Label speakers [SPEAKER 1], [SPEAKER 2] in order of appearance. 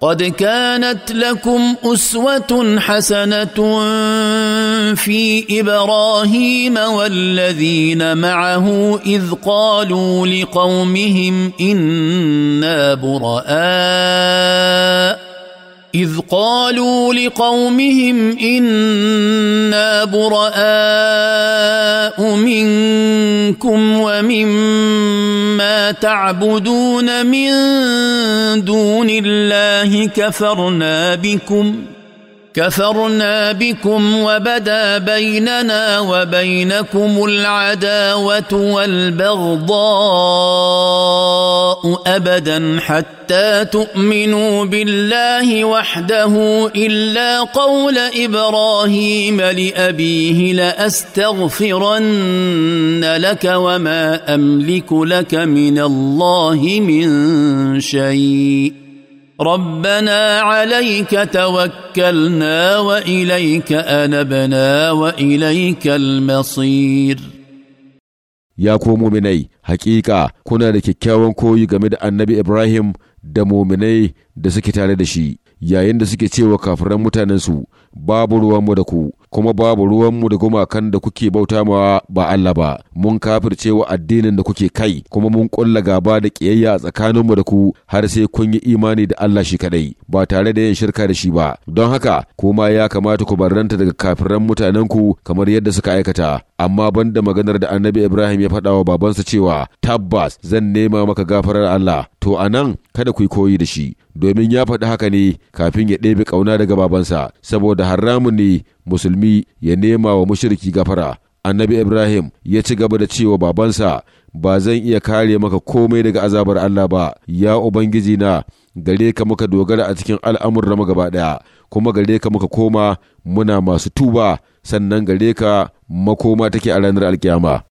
[SPEAKER 1] قد كانت لكم اسوه حسنه في ابراهيم والذين معه اذ قالوا لقومهم انا براء اذ قالوا لقومهم انا براء منكم منكم ومما تعبدون من دون الله كفرنا بكم ۖ كفرنا بكم وبدا بيننا وبينكم العداوه والبغضاء ابدا حتى تؤمنوا بالله وحده الا قول ابراهيم لابيه لاستغفرن لك وما املك لك من الله من شيء ربنا عليك توكلنا واليك انبنا واليك المصير
[SPEAKER 2] ya ko muminai haƙiƙa, kuna da kyakkyawan koyi game da annabi ibrahim da muminai da suke tare da shi yayin da suke cewa kafiran mutanensu babu ruwanmu da ku kuma babu ruwanmu da gumakan da kuke bauta ma ba Allah ba mun kafirce wa addinin da kuke kai kuma mun ƙulla gaba da ƙiyayya a tsakaninmu da ku har sai kun yi imani da Allah shi kadai ba tare da yin shirka da shi ba don haka kuma ya kamata ku barranta daga kafiran mutanenku kamar yadda suka aikata amma banda maganar da annabi Ibrahim ya faɗawa babansa cewa tabbas zan nema maka gafarar Allah to a nan kada ku yi koyi da shi domin ya faɗi haka ne kafin ya ɗebe ƙauna daga babansa saboda haramun ne musulmi ya nema wa mushriki gafara annabi ibrahim ya ci gaba da cewa babansa ba zan iya kare maka komai daga azabar allah ba ya ubangiji na gare ka muka dogara a cikin al'amurra mu gaba ɗaya kuma gare ka muka koma muna masu tuba sannan gare ka makoma take a ranar alkiyama